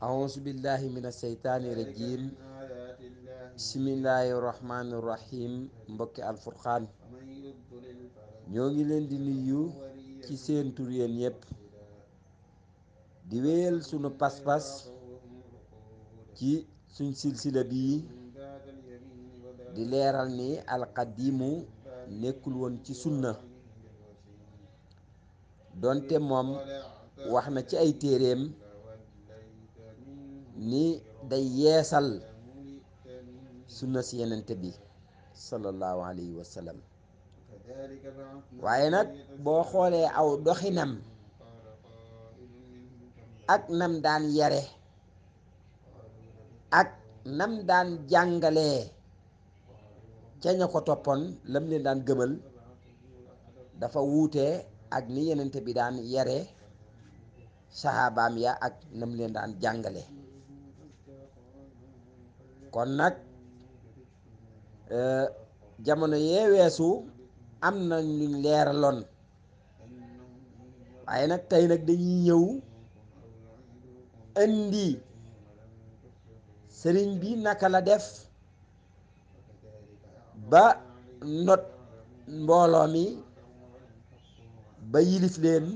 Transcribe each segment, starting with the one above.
أعوذ بالله min الشيطان الرجيم بسم الله الرحمن الرحيم ñoo ngi leen di nuyu ci seen tur yépp di wéyal sunu pas-pas ci suñ silsila bi di leeral ni alxadimu nekkul woon ci sunna doonte moom wax na ci ay téeréem ni day yeesal sunna si yenente bi sallallahu alayhi wa waaye nag boo xoolee aw doxinam ak nam daan yare ak nam daan jàngale ca ko toppoon lam leen daan gëmal dafa wuute ak ni yenente bi daan yare saxaabaam ya ak nam leen daan jàngale kon nag e, jamono yee weesu am nañ luñ leeraloon waaye nag tey nag dañuy ñëw indi sëriñ bi naka la def ba not mbooloo mi ba yilif leen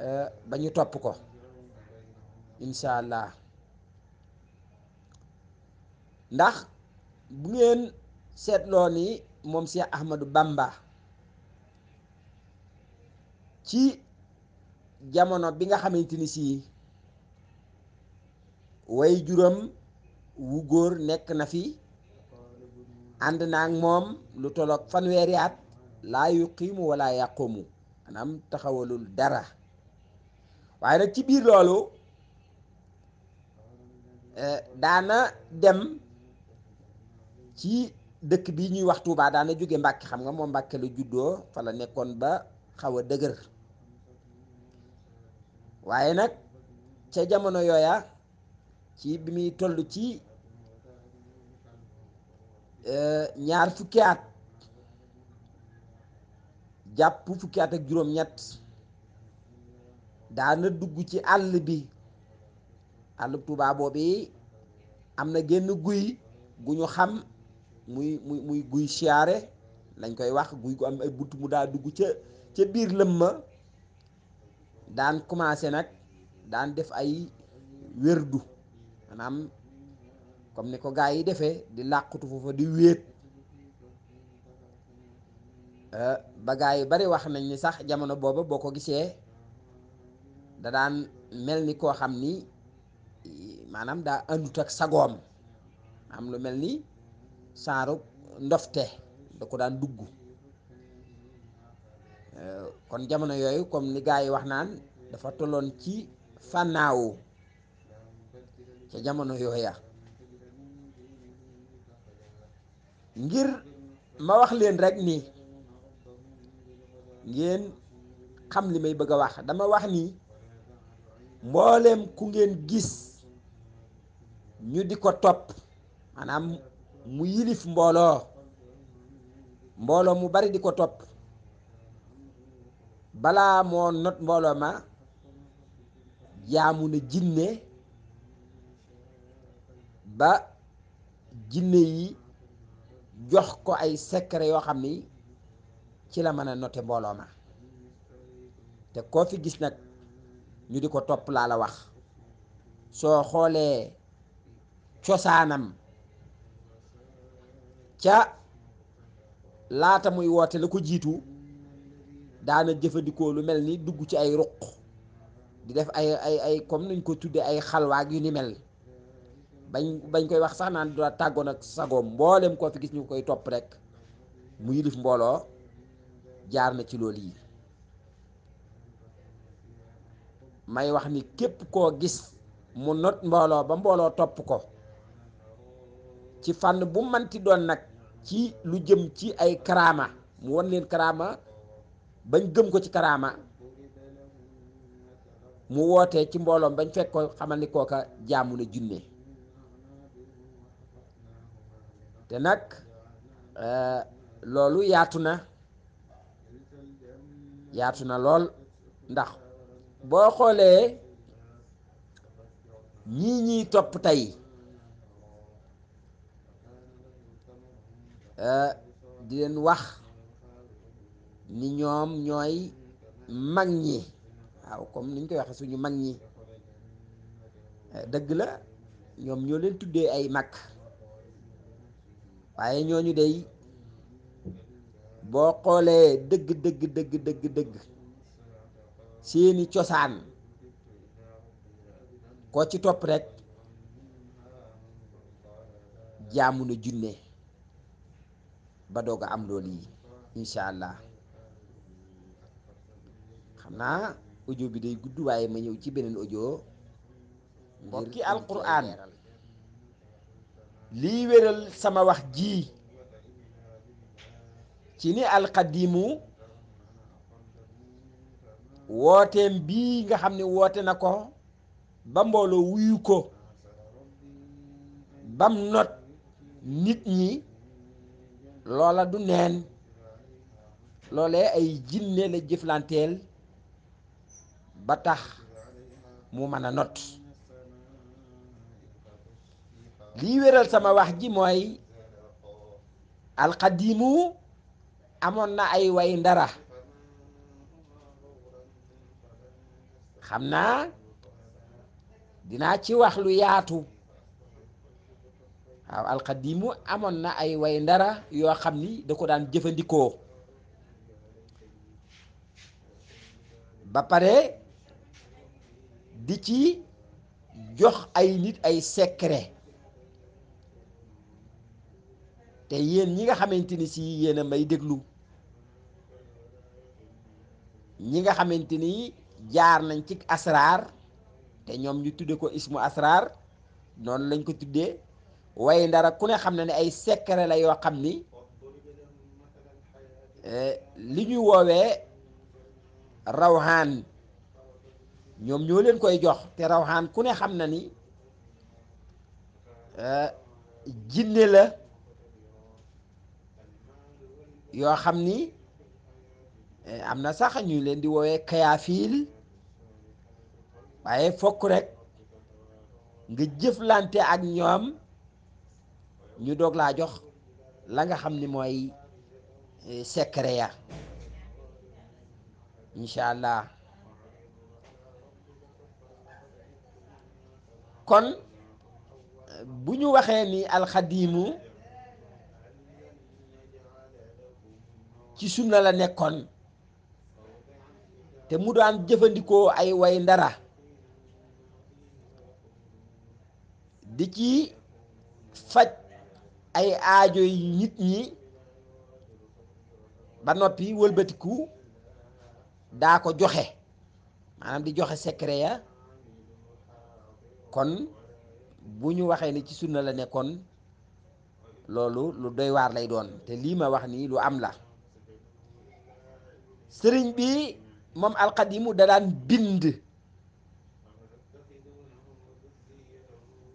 e, ba ñu topp ko incha ndax bu ngeen seetloo ni moom Cheikh Ahmadou Bamba ci jamono bi nga xamante ni sii way juróom wu góor nekk na fi ànd naa ak moom lu toloog fanweeri at laa yuqiimu wala yaqumu maanaam taxawalul dara waaye nag ci biir loolu eh, daana dem ci dëkk bi ñuy wax tuubaa daana jóge Mbàkke xam nga moom Mbàkke la juddoo fa la nekkoon ba xaw a dëgër waaye nag ca jamono yooya ci bi muy toll ci euh, ñaar fukki at jàpp fukki ak juróom-ñett daana dugg ci àll bi àll Touba boobu am na genn guy gu ñu xam muy muy muy guy siyaare lañ koy wax guy ko am ay bunt mu daa dugg ca ca biir lëm ma daan commencé nag daan def ay wérdu maanaam comme ni ko gaa yi defee di làqutu foofa di wéet euh, ba gaa yi bari wax nañ ni sax jamono booba boo ko gisee da daan mel ni koo xam ni maanaam daa àndut ak sagoom am lu mel nii saaru ndofte da ko daan dugg euh, kon jamono yooyu comme ni gaa yi wax naan dafa tolloon ci fànnaawu ca jamono yooya ngir ma wax leen rekk ni ngeen xam li may bëgg a wax dama wax ni mbooleem ku ngeen gis ñu di ko topp maanaam mu yilif mbooloo mbooloo mu bari di ko topp balaa moo not mbooloo ma jaamu na jinne ba jinne yi jox ko ay secret yoo xam ni ci la man a note mbooloo ma te koo fi gis nag ñu di ko topp laa la wax soo xoolee cosaanam ca laata muy woote la ko jiitu daana jëfandikoo lu mel ni dugg ci ay ruq di def ay ay ay comme nuñ ko tuddee ay xalwaag yu ni mel bañ bañ koy wax sax naan daa tàggoon ak sagoom mboolem koo fi gis ñu koy topp rek mu yilif mbooloo jaar na ci lool yi may wax ni képp koo gis mu not mbooloo ba mbooloo topp ko ci fànn bu manti doon nag ci lu jëm ci ay karaama mu wan leen karaama bañ gëm ko ci karaama mu wootee ci mbooloom bañ fekk ko xamal ni kooka jaamu na junne te nag euh, loolu yaatu na yaatu na lool ndax boo xoolee ñii ñiy topp tey Euh, di leen wax ni ñoom ñooy mag ñi waaw comme niñ koy waxe suñu mag ñi dëgg la ñoom ñoo leen tuddee ay mag waaye ñoo ñu day boo xoolee dëgg dëgg dëgg dëgg dëgg seeni cosaan koo ci topp rekk jaamu na junne ba doog am loolu yi incha allah xam naa audio bi day gudd waaye ma ñëw ci beneen audio mbokki alquran lii wéral sama wax ji ci ni alxadimu wooteem bii nga xam ne woote na ko ba mbooloo wuyu ko bam not nit ñi loola du nen loole ay jinne la jëflanteel ba tax mu mën a not lii wéral sama wax ji mooy alxadiimu amoon na ay way ndara xam naa dinaa ci wax lu yaatu waaw alxadimu amoon na ay way ndara yoo xam ni da ko daan jëfandikoo ba pare di ci jox ay nit ay secret te yéen ñi nga xamante ni si yéen a déglu ñi nga xamante ni jaar nañ ci asraar te ñoom ñu tudde ko ismu asraar noonu lañ ko tuddee way dara ku ne xam na ni ay secret la yoo xam ni eh, li ñuy woowee rawxaan ñoom ñoo leen koy jox te rawxaan ku ne xam na ni eh, jinne la yoo xam ni eh, am na sax ñuy leen di woowee kayaafiil waaye fokk rek nga jëflante ak ñoom ñu doog laa jox la nga xam ni mooy eh, secret ya incha allah kon bu ñu waxee ni alxadiimu ci sunna la nekkoon te mu daan jëfandikoo ay way ndara di ci faj ay aajo yi nit ñi ba noppi wëlbatiku daa ko joxe maanaam di joxe secret ya kon bu ñu waxee ni ci sunna la nekkoon loolu lu doy waar lay doon te lii ma wax nii lu am la sëriñ bi moom alxadimu da daan bind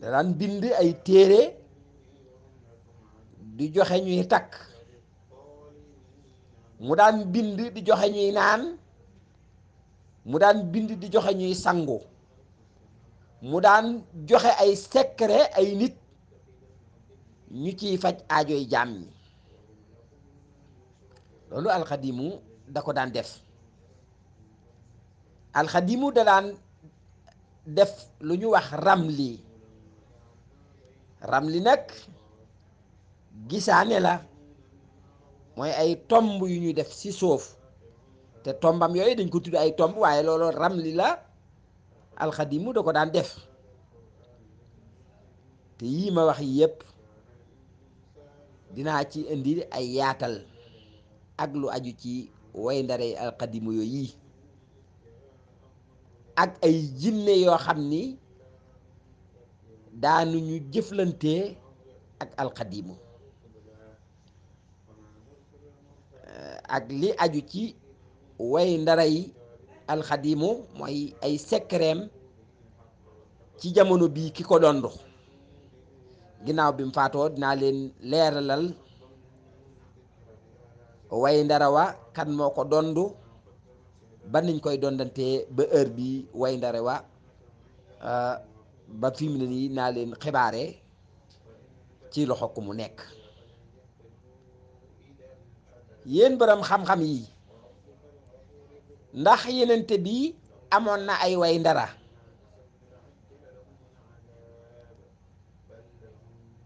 da daan bind ay téere di joxe ñuy takk mu daan bind di joxe ñuy naan mu daan bind di joxe ñuy sangu mu daan joxe ay secret ay nit ñu ciy faj aajoy jaam ñi loolu alxadimu da ko daan def alxadimu da daan def lu ñu wax ramli li nag gisaane la mooy ay tomb yu ñuy def ci suuf te tombam yooyu dañ ko tudd ay tomb waaye looloo ramli la alxadimu da ko daan def te yii ma wax yépp dinaa ci indi ay yaatal ak lu aju ci way ndare alxadimu yooyu yi ak ay jinne yoo xam ni daanu ñu jëflantee ak alxadimu ak li aju ci way ndara yi alxadimu mooy ay sekkereem ci jamono bii ki ko dondu ginnaaw bi mu faatoo dinaa leen leeralal way ndara wa kan moo ko dondu ba niñ koy dondantee ba heure bi way ndara wa ah, ba fi mu ne nii naa leen xibaare ci loxo ko mu nekk yéen borom xam-xam yi ndax yenente bi amoon na ay way ndara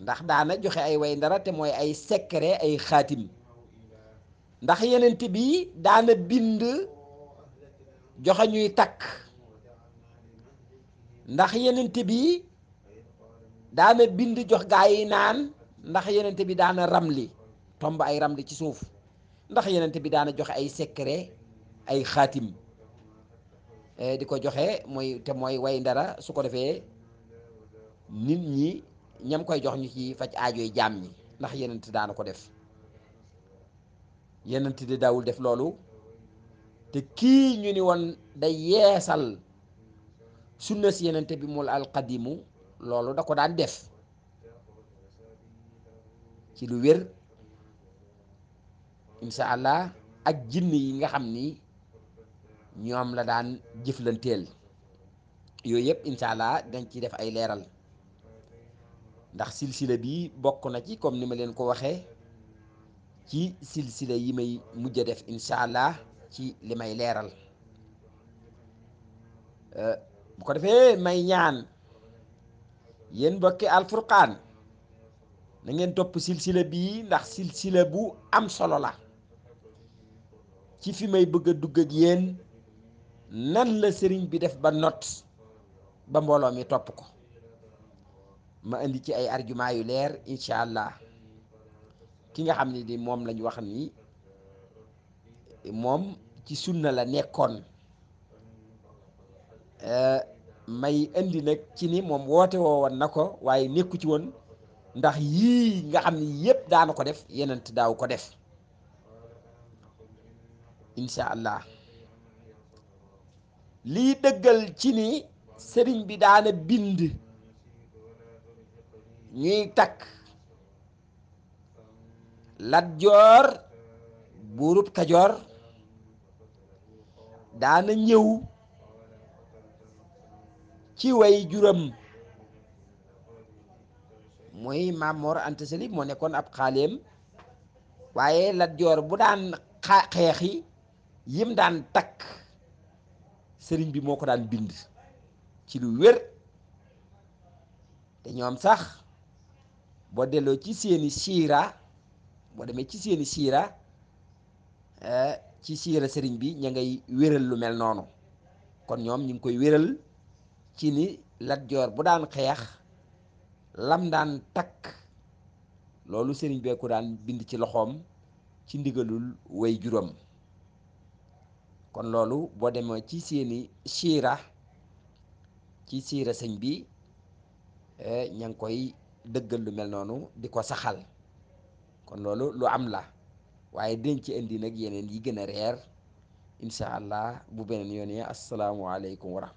ndax daana joxe ay way ndara te mooy ay secret ay xaatim ndax yenente bi daana bind joxe ñuy takk ndax yenente bi daana bind jox gaa yi naan ndax yenente bi daana ramli tomb ay ramli ci suuf ndax yenente bi daana joxe ay secret ay xaatim eh, di ko joxe mooy te mooy way ndara su ko defee nit ñi ñam koy jox ñu ci faj aajoy jaam ñi ndax yenent daana ko def yenent di daawul def loolu te kii ñu ni woon day yeesal sunna si yenente bi mul alqadimu loolu da ko daan def ci lu wér insha allah ak jinne yi nga xam ni ñoom la daan jëflanteel yooyu yëpp insha allah dañ ci def ay leeral ndax silsila bi bokk na ci comme ni ma leen ko waxee ci silsila yi may mujj a def insha allah ci li may leeral euh, bu ko defee may ñaan yéen bokki alfurqaan na ngeen topp silsila bi ndax silsila bu am solo la ci fi may bëgg a dugg ak yéen nan la sëriñ bi def ba not ba mbooloo mi topp ko ma indi ci ay argument yu leer incha allah ki nga xam ne di moom lañu wax ni moom ci sunna la nekkoon eh, may indi nag ci ni moom woote woo woon na ko waaye nekku ci woon ndax yii nga xam ne yépp daana ko def yenent daaw ko def incha allah lii dëggal ci ni sëriñ bi daana bind ñuy takk latjoor Joor buurub Kajoor daana ñëw ci way juram mooy Maam Mor Anta Sali moo nekkoon ab xaaleem waaye Lat Joor bu daan xeexi yim daan takk sëriñ bi moo ko daan bind ci lu wér te ñoom sax boo delloo ci seeni siira boo demee ci seeni siira eh, ci siira sëriñ bi ña ngay wéral lu mel noonu kon ñoom ñu ngi koy wéral ci ni Lat Joor bu daan xeex lam daan takk loolu sëriñ bee ko daan bind ci loxoom ci ndigalul way juróom kon loolu boo demee ci seeni siira ci siira sëñ bi eh, ña ngi koy dëggal lu mel noonu di ko saxal kon loolu lu am la waaye dinañ ci indi nag yeneen yi gën a reer incha allah bu beneen yoon yi assalaamu aleykum wa